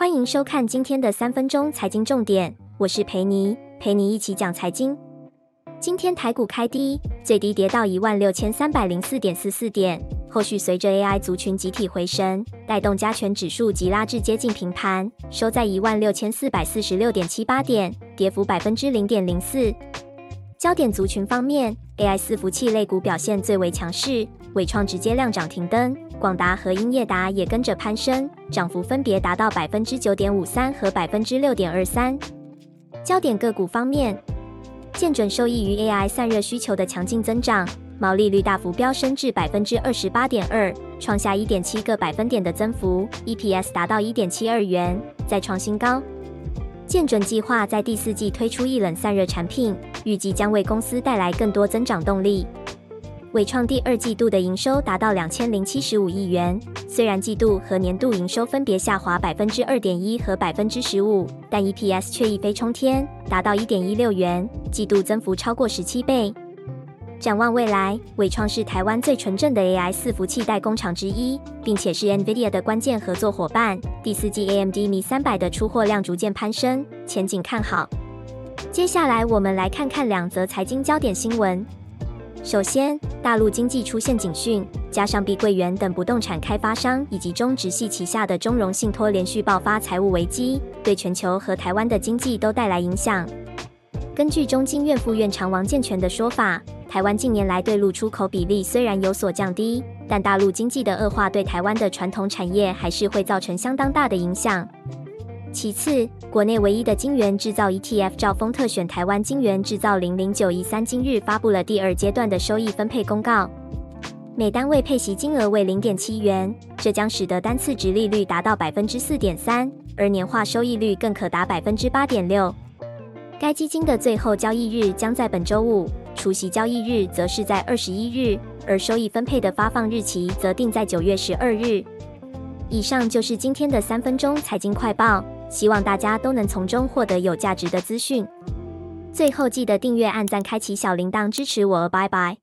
歡迎收看今天的三分鐘財經重點，我是裴妮，陪你一起講財經。今天台股開低，最低跌到一萬六千三百零四點四四點，後續隨着 AI 族群集體回升，帶動加權指數急拉至接近平盤，收在一萬六千四百四十六點七八點，跌幅百分之零點零四。焦點族群方面。AI 伺服器類股表現最為強勢，緯創直接亮漲停燈，廣達和英業達也跟着攀升，漲幅分別達到百分之九點五三和百分之六點二三。焦點個股方面，建準受益於 AI 散熱需求的強勁增長，毛利率大幅飆升至百分之二十八點二，創下一點七個百分點的增幅，EPS 達到一點七二元，再創新高。建準計劃在第四季推出液冷散熱產品，預計將為公司帶來更多增長動力。緯創第二季度的營收達到兩千零七十五億元，雖然季度和年度營收分別下滑百分之二點一和百分之十五，但 EPS 卻一飛衝天，達到一點一六元，季度增幅超過十七倍。展望未來，緯創是台灣最純正的 AI 伺服器代工廠之一，並且是 Nvidia 的關鍵合作夥伴。第四季 AMD MI300 的出貨量逐漸攀升，前景看好。接下來我們來看看兩則財經焦點新聞。首先，大陸經濟出現警訊，加上碧桂園等不動產開發商以及中植系旗下的中融信託連續爆發財務危機，對全球和台灣的經濟都帶來影響。根據中經院副院長王健全的說法。台灣近年來對陸出口比例雖然有所降低，但大陸經濟的惡化對台灣的傳統產業還是會造成相當大的影響。其次，國內唯一的晶圓製造 ETF 兆豐特選台灣晶圓製造零零九一三今日發布了第二階段的收益分配公告，每單位配息金額為零點七元，這將使得單次殖利率達到百分之四點三，而年化收益率更可達百分之八點六。該基金的最後交易日將在本周五。除息交易日則是在二十一日，而收益分配的發放日期則定在九月十二日。以上就是今天的三分鐘財經快報，希望大家都能從中獲得有價值的資訊。最後記得訂閱、按讚、開啟小鈴鐺，支持我哦，拜拜。